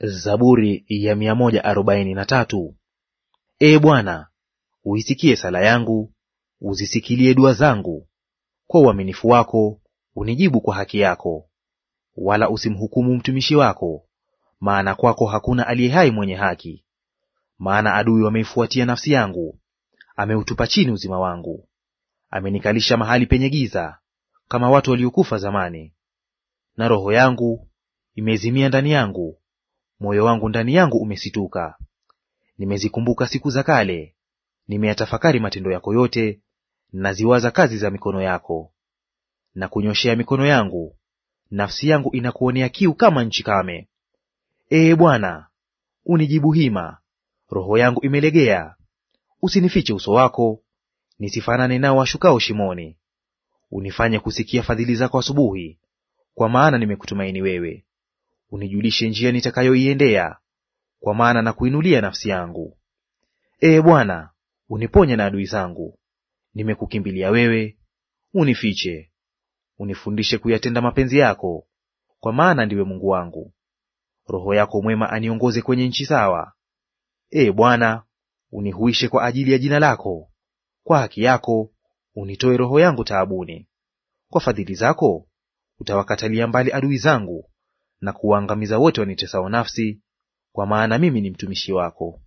Zaburi ya mia Ee Bwana, uisikie sala yangu, uzisikilie dua zangu. Kwa uaminifu wako unijibu kwa haki yako, wala usimhukumu mtumishi wako, maana kwako hakuna aliye hai mwenye haki. Maana adui wameifuatia nafsi yangu, ameutupa chini uzima wangu. Amenikalisha mahali penye giza, kama watu waliokufa zamani, na roho yangu imezimia ndani yangu moyo wangu ndani yangu umesituka. Nimezikumbuka siku za kale, nimeyatafakari matendo yako yote, naziwaza kazi za mikono yako. Na kunyoshea mikono yangu, nafsi yangu inakuonea kiu kama nchi kame. Ee Bwana, unijibu hima, roho yangu imelegea. Usinifiche uso wako, nisifanane nao washukao shimoni. Unifanye kusikia fadhili zako asubuhi, kwa maana nimekutumaini wewe unijulishe njia nitakayoiendea, kwa maana na kuinulia nafsi yangu. Ee Bwana, uniponye na adui zangu. Nimekukimbilia wewe, unifiche. Unifundishe kuyatenda mapenzi yako, kwa maana ndiwe Mungu wangu. Roho yako mwema aniongoze kwenye nchi sawa. Ee Bwana, unihuishe kwa ajili ya jina lako, kwa haki yako unitoe roho yangu taabuni. Kwa fadhili zako utawakatalia mbali adui zangu na kuwaangamiza wote wanitesao nafsi, kwa maana mimi ni mtumishi wako.